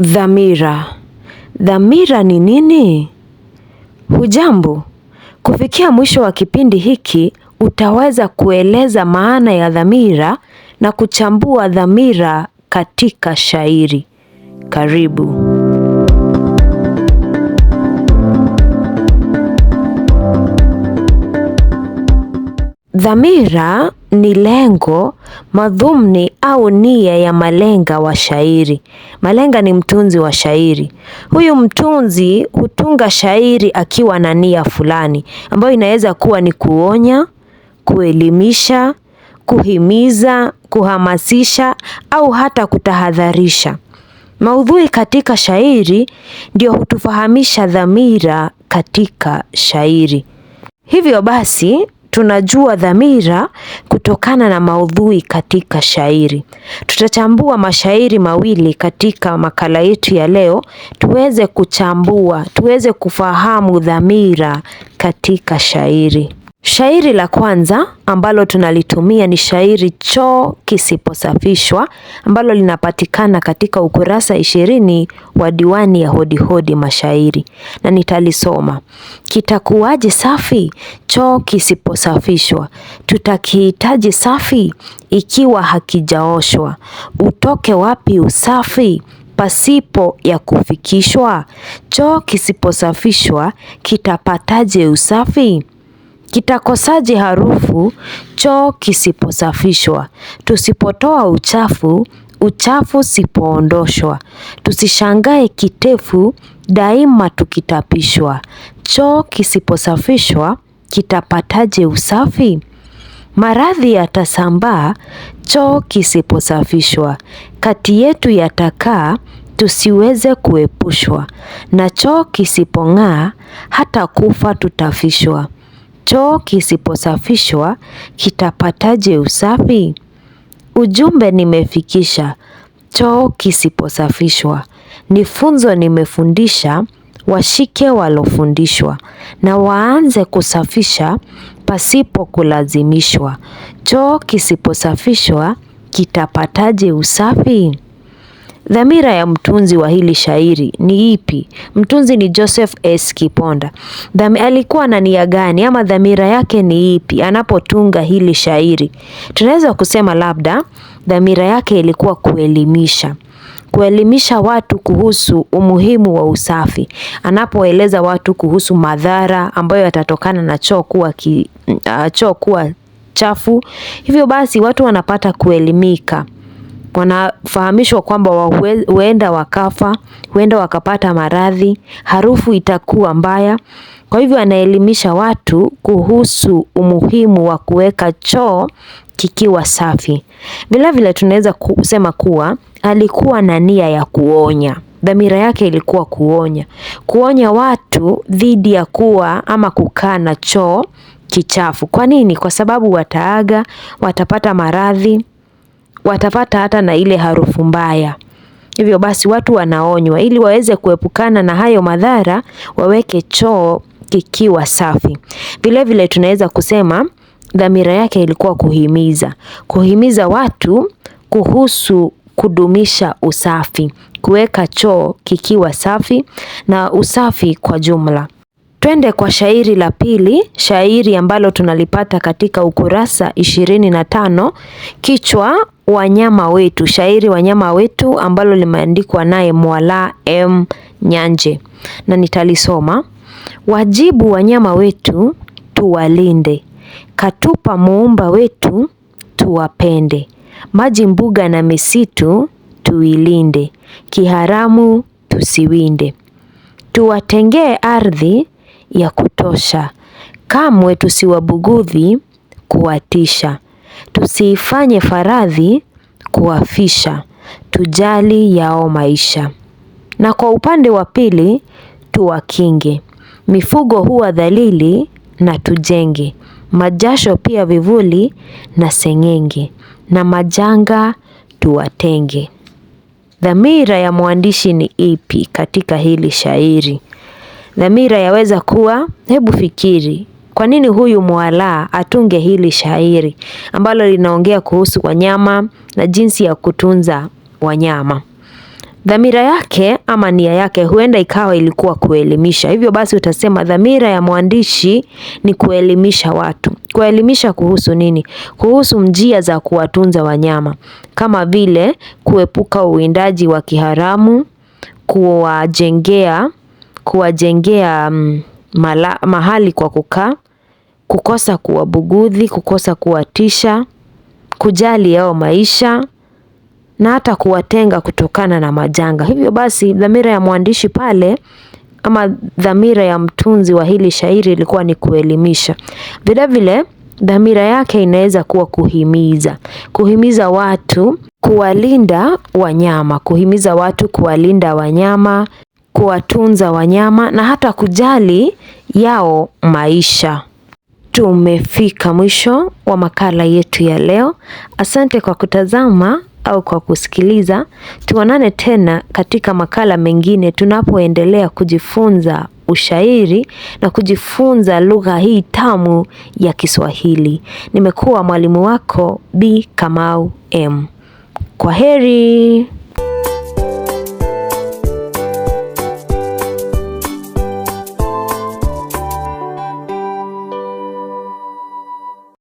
Dhamira. Dhamira ni nini? Hujambo. Kufikia mwisho wa kipindi hiki utaweza kueleza maana ya dhamira na kuchambua dhamira katika shairi. Karibu. Dhamira ni lengo, madhumni au nia ya malenga wa shairi. Malenga ni mtunzi wa shairi. Huyu mtunzi hutunga shairi akiwa na nia fulani ambayo inaweza kuwa ni kuonya, kuelimisha, kuhimiza, kuhamasisha au hata kutahadharisha. Maudhui katika shairi ndio hutufahamisha dhamira katika shairi. Hivyo basi tunajua dhamira kutokana na maudhui katika shairi. Tutachambua mashairi mawili katika makala yetu ya leo, tuweze kuchambua, tuweze kufahamu dhamira katika shairi. Shairi la kwanza ambalo tunalitumia ni shairi choo kisiposafishwa ambalo linapatikana katika ukurasa ishirini wa diwani ya Hodihodi Mashairi, na nitalisoma. Kitakuwaje safi choo kisiposafishwa? Tutakihitaji safi ikiwa hakijaoshwa. Utoke wapi usafi pasipo ya kufikishwa? Choo kisiposafishwa kitapataje usafi? Kitakosaje harufu choo kisiposafishwa. Tusipotoa uchafu, uchafu sipoondoshwa. Tusishangae kitefu, daima tukitapishwa. Choo kisiposafishwa, kitapataje usafi? Maradhi yatasambaa, choo kisiposafishwa. Kati yetu yatakaa, tusiweze kuepushwa. Na choo kisipong'aa, hata kufa tutafishwa. Choo kisiposafishwa kitapataje usafi? Ujumbe nimefikisha. Choo kisiposafishwa ni funzo nimefundisha, washike walofundishwa na waanze kusafisha pasipo kulazimishwa. Choo kisiposafishwa kitapataje usafi? Dhamira ya mtunzi wa hili shairi ni ipi? Mtunzi ni Joseph S. Kiponda. Dhami, alikuwa na nia gani ama dhamira yake ni ipi anapotunga hili shairi? Tunaweza kusema labda dhamira yake ilikuwa kuelimisha kuelimisha watu kuhusu umuhimu wa usafi, anapoeleza watu kuhusu madhara ambayo yatatokana na choo kuwa, ki, uh, choo kuwa chafu. Hivyo basi watu wanapata kuelimika wanafahamishwa kwamba huenda wakafa, huenda wakapata maradhi, harufu itakuwa mbaya. Kwa hivyo anaelimisha watu kuhusu umuhimu wa kuweka choo kikiwa safi. Vilevile tunaweza kusema kuwa alikuwa na nia ya kuonya. Dhamira yake ilikuwa kuonya, kuonya watu dhidi ya kuwa ama kukaa na choo kichafu. Kwa nini? Kwa sababu wataaga, watapata maradhi, watapata hata na ile harufu mbaya. Hivyo basi watu wanaonywa ili waweze kuepukana na hayo madhara, waweke choo kikiwa safi. Vilevile tunaweza kusema dhamira yake ilikuwa kuhimiza, kuhimiza watu kuhusu kudumisha usafi, kuweka choo kikiwa safi na usafi kwa jumla. Twende kwa shairi la pili, shairi ambalo tunalipata katika ukurasa ishirini na tano, kichwa Wanyama Wetu, shairi Wanyama Wetu ambalo limeandikwa naye mwala M Nyanje na nitalisoma. Wajibu wanyama wetu tuwalinde, katupa muumba wetu tuwapende, maji, mbuga na misitu tuilinde, kiharamu tusiwinde, tuwatengee ardhi ya kutosha, kamwe tusiwabugudhi kuwatisha Tusiifanye faradhi kuwafisha, tujali yao maisha. Na kwa upande wa pili, tuwakinge. Mifugo huwa dhalili na tujenge. Majasho pia vivuli na seng'enge. Na majanga tuwatenge. Dhamira ya mwandishi ni ipi katika hili shairi? Dhamira yaweza kuwa, hebu fikiri. Kwa nini huyu mwalaa atunge hili shairi ambalo linaongea kuhusu wanyama na jinsi ya kutunza wanyama? Dhamira yake ama nia yake huenda ikawa ilikuwa kuelimisha. Hivyo basi utasema dhamira ya mwandishi ni kuelimisha watu. Kuelimisha kuhusu nini? Kuhusu njia za kuwatunza wanyama kama vile kuepuka uwindaji wa kiharamu, kuwajengea kuwajengea mm, mahali kwa kukaa, kukosa kuwabugudhi, kukosa kuwatisha, kujali yao maisha na hata kuwatenga kutokana na majanga. Hivyo basi dhamira ya mwandishi pale ama dhamira ya mtunzi wa hili shairi ilikuwa ni kuelimisha. Vile vile dhamira yake inaweza kuwa kuhimiza, kuhimiza watu kuwalinda wanyama, kuhimiza watu kuwalinda wanyama, kuwatunza wanyama na hata kujali yao maisha. Tumefika mwisho wa makala yetu ya leo. Asante kwa kutazama au kwa kusikiliza. Tuonane tena katika makala mengine tunapoendelea kujifunza ushairi na kujifunza lugha hii tamu ya Kiswahili. Nimekuwa mwalimu wako Bi Kamau M. Kwa heri.